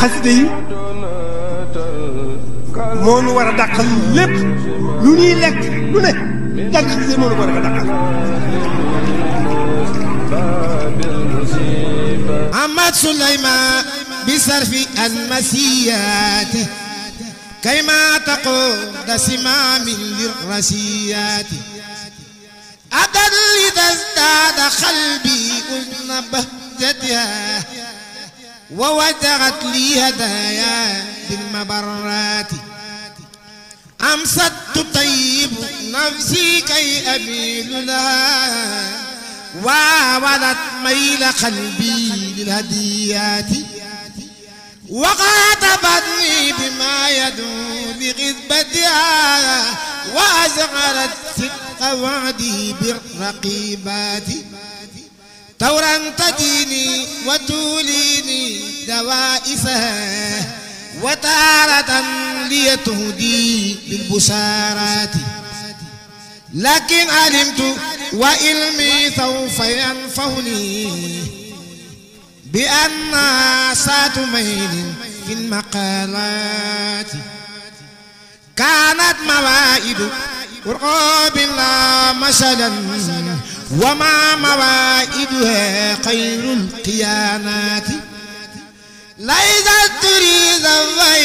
xasida yi moo nu war a dàqal lépp داخل ñuy lekk lu داخل jàng سليمان بصرف المسيات كيما تقود من للرسيات أدل إذا ازداد قلبي أذن بهجتها وودعت لي هدايا بالمبرات أمست طيب نفسي كي أميل لها وولت ميل قلبي للهديات وخاطبتني بما يدعو بغذبتها وأزغرت صدق وعدي بالرقيبات ثورا تديني وتوليني دوائفها وتارة ليتهدي بالبشارات لكن علمت وإلمي سوف ينفعني بأن سات مين في المقالات كانت موائد قرقاب لا مثلا وما موائدها خير القيانات ليست تريد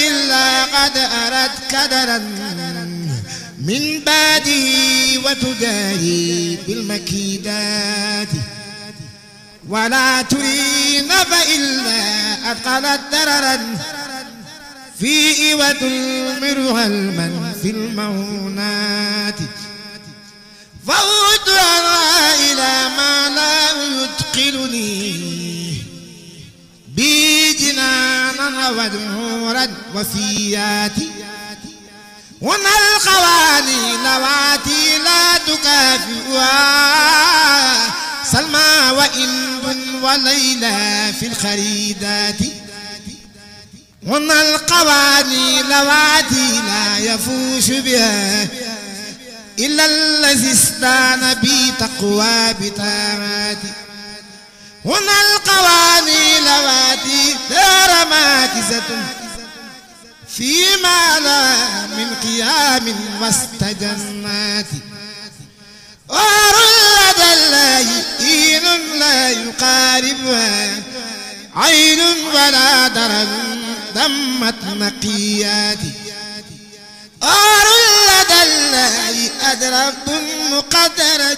إلا قد أردت كدرا من بعده وتجاري بالمكيدات ولا ترين فإلا أقلت دررا في وتلمرها المن في المونات فوت عن يعقلني بي جنانا وجهورا وسياتي وما القوانين لواتي لا تكافئها سلمى وإند وليلى في الخريدات وما القوانين لواتي لا يفوش بها إلا الذي استان بي تقوى بتاماتي هنا القواني لواتي دار ماكزة فيما لا من قيام واستجنات وار لدى الله إين لا يقاربها عين ولا درج دمت نقياتي وار لدى الله أدركت مقدرة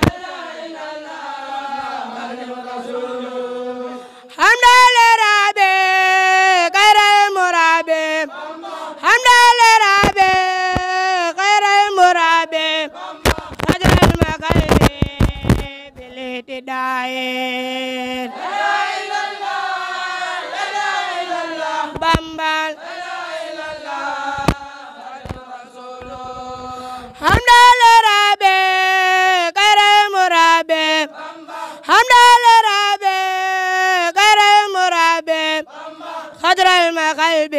خضر المقلب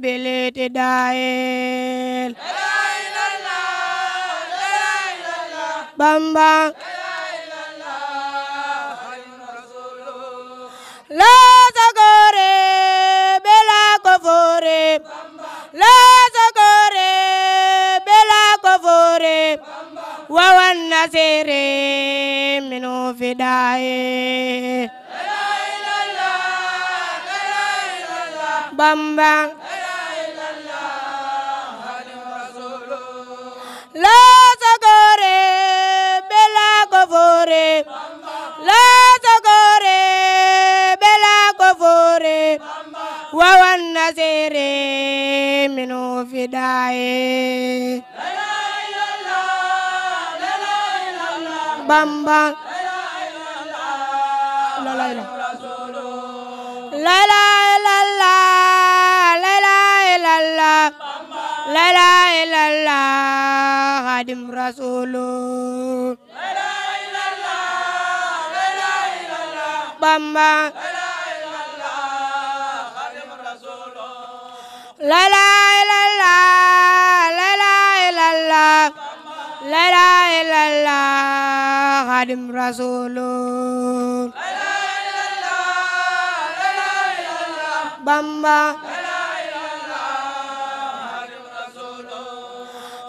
بالاعتداء بامبا لا تكفر بلا كفر لا تكفر بلا كفر وهو النصير منه فداء bamba la sagore bela ko la sagore إلا الله خادم رسوله لا إله إلا الله لا إله إلا الله بامبا لا إلا الله خادم رسول لا إله إلا الله لا إله إلا الله لا إله إلا الله خادم رسوله لا إله إلا الله لا إله إلا الله بامبا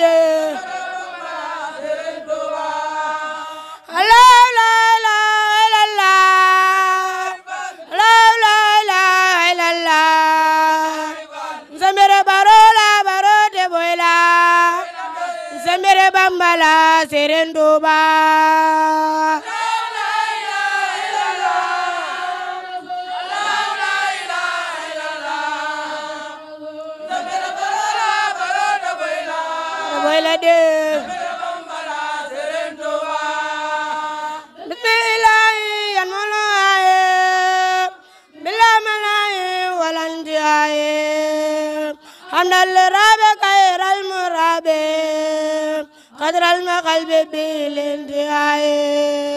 Yeah. حمد الراب غير المراب قدر المقلب بالانتهاء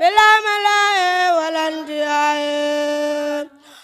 Bela malaye walandiaye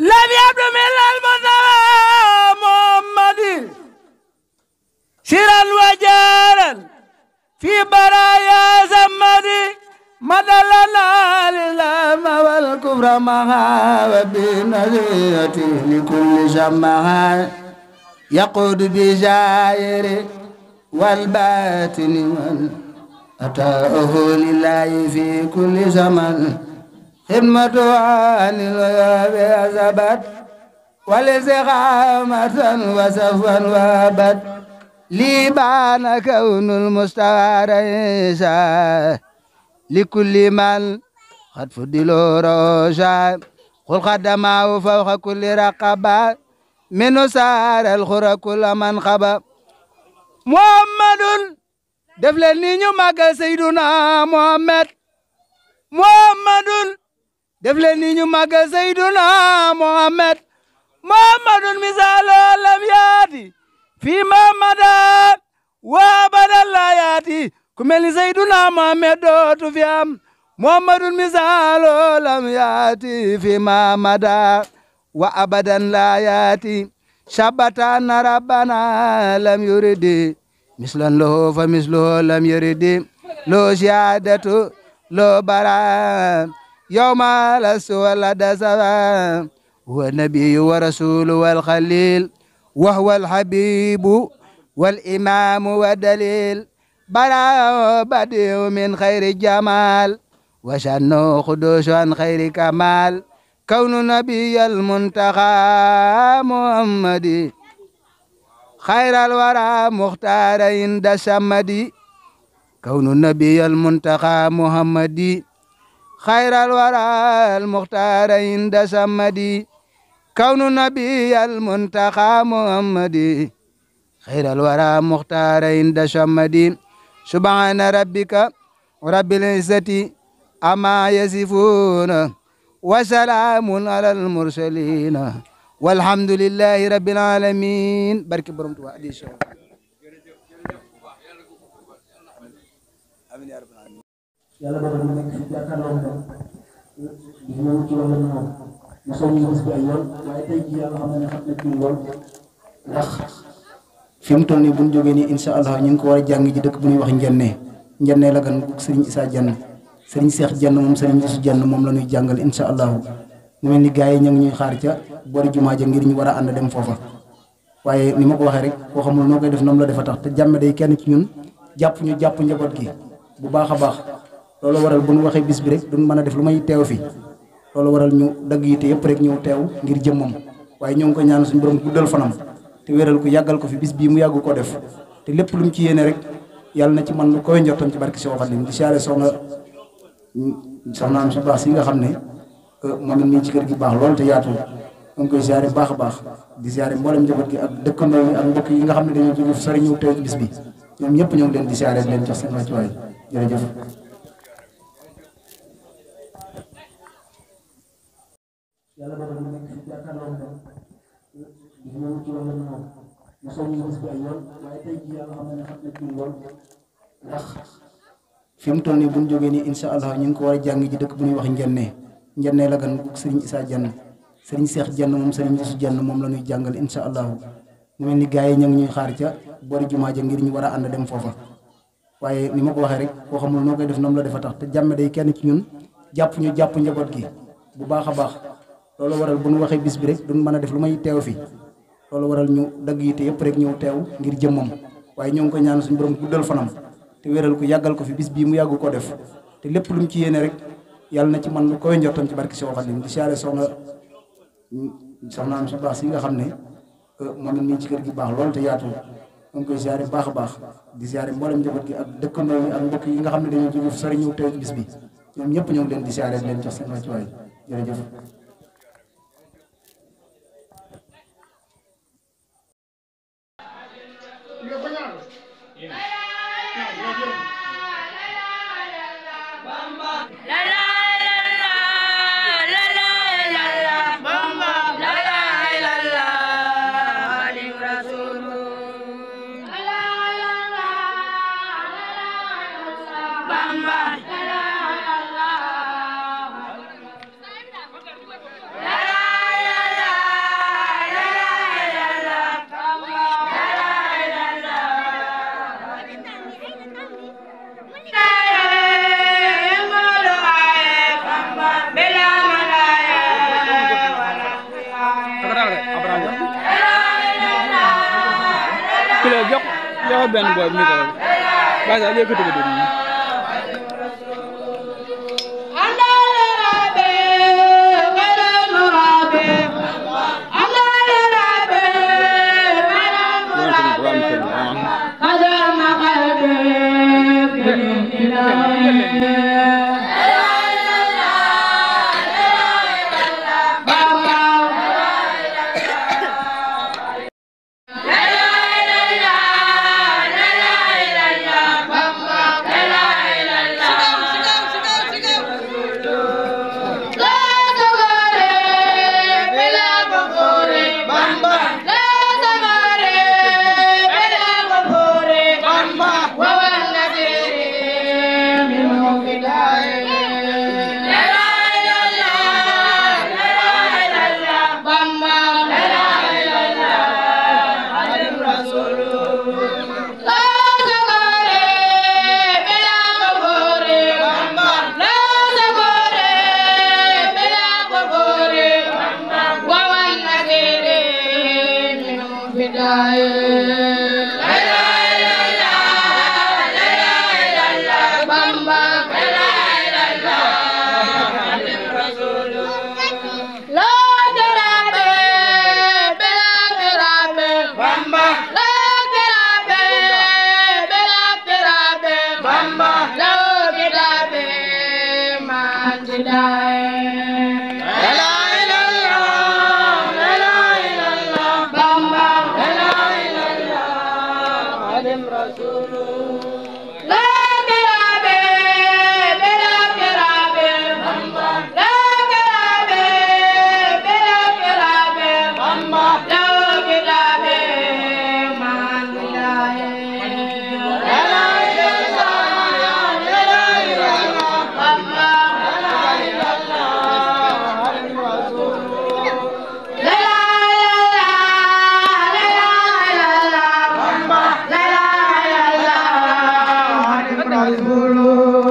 لم يبلغ من المصطفى محمد سرا وجارا في برايا زمدي مدلنا للام والكفر معها وبنزيته لكل شمها يقود بجائر والباطن والأتاه لله في كل زمن همة عن الغياب أزبت والاستقامة وصفا وابت لي بان كون المستوى رئيسا لكل من قد فضل رشا قل قدمه فوق كل رقبة من سار الخرى كل من خبا محمد دفلني نيو ماغا سيدنا محمد محمد def leen ni ñu màggal sayduna muhammad muhammadun misaalu yaati fii ma wa abadan la yaati ku mel ni sayduna muhammad dootu am muhammadun misaalu yaati fii ma wa abadan la yaati shabatana rabbana lam yuridi mislan lahu fa misluhu yuridi loo siyaadatu loo baraa يوم لس ولد سبا هو النبي ورسول والخليل وهو الحبيب والإمام والدليل بلا بديع من خير الجمال وشنه خدوش عن خير كمال كون نبي المنتقى محمد خير الورى مختار عند كون نبي المنتقى محمد خير الورى المختار عند سمدي كون النبي المنتقى محمدي خير الورى المختار عند سمدي سبحان ربك رب العزة أما يصفون وسلام على المرسلين والحمد لله رب العالمين بارك برمتوا yàlla dogal nah, mu nekk jàkkaarloo nga ñoom ci wàllu moom mosoo ñu gis ko ay yoon waaye tey jii yàlla xam ne xam ne kii lool allah ñu ngi ko war a jàng ji dëkk bu ñuy wax njenne njenne la gan sëriñ Issa Diagne sëriñ Cheikh Diagne moom sëriñ Youssou Diagne moom la ñuy jàngal incha allahu mu mel ni gars ñuy xaar ca boori jumaa ja ngir ñu war a dem foofa waaye ni ma ko waxee rek koo xamul noo koy def noonu la defa tax te jàmm day kenn ci ñun jàpp ñu jàpp njaboot gi bu baax baax loolu waral bu ñu waxee bis bi rek duñ mën a def lu may teew fii loolu waral ñu dagg yite yëpp rek ñëw teew ngir jëmmam waaye ñoo ngi ko ñaan suñu borom guddal fanam te wéral ko yàggal ko fi bis bii mu yàgg koo def te lépp lu mu ci yéene rek yàlla na ci man lu koy jotam ci barke Seex Xaadim di siyaare soxna soxna am su baax si nga xam ne moom it nii ci kër gi baax lool te yaatu mu ngi koy siyaare baax a baax di siyaare mboolem njaboot gi ak dëkkandoo yi ak yi nga xam ne dañoo jóge sori ñëw teew ci bis bi ñoom ñëpp ñoo ngi leen di siyaare leen jox seen wàccuwaay jërëjëf yàlla ba doon nekk jàkkaarloo ak gis nga ci wàllu moom mosoo ñu gis ay yoon waaye tey jii yàlla xam ne xam ne allah ñu ngi ko war a jàng ci dëkk bu ñuy wax njenne njenne la gan sëriñ Issa Dieng sëriñ Seex Dieng moom sëriñ Yuusu Dieng moom la ñuy jàngal incha allahu mu mel ni gars ñuy xaar ca boori jumaa ja ngir ñu war a dem foofa waaye ni ma ko waxee rek koo xamul noo koy def noonu la dafa tax te jàmm day kenn ci ñun jàpp ñu jàpp njaboot gi bu baax baax loolu waral bu ñu waxee bis bi rek duñ mën a def lu may teew fi loolu waral ñu dagg yi te yëpp rek ñëw teew ngir jëmmam waaye ñoo ngi ko ñaan suñu borom guddal fanam te wéral ko yàggal ko fi bis bii mu yàgg koo def te lépp lu mu ci yéene rek yàlla na ci man lu koy njortam ci barki Seex Xaadim di siyaare soxna soxna am su baax si nga xam ne euh, moom nii ci kër gi baax loolu te yaatu mu ngi koy siyaare baax a baax di siyaare mboolem njaboot gi ak dëkk yi ak mbokk yi nga xam ne dañoo jóge sori ñëw teew ci bis ñëpp ñoo ngi leen di siyaare leen jox seen wàccuwaay jërëjëf benn boobu mi ko baax sax léegi ko tëgg Lord.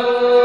Oh.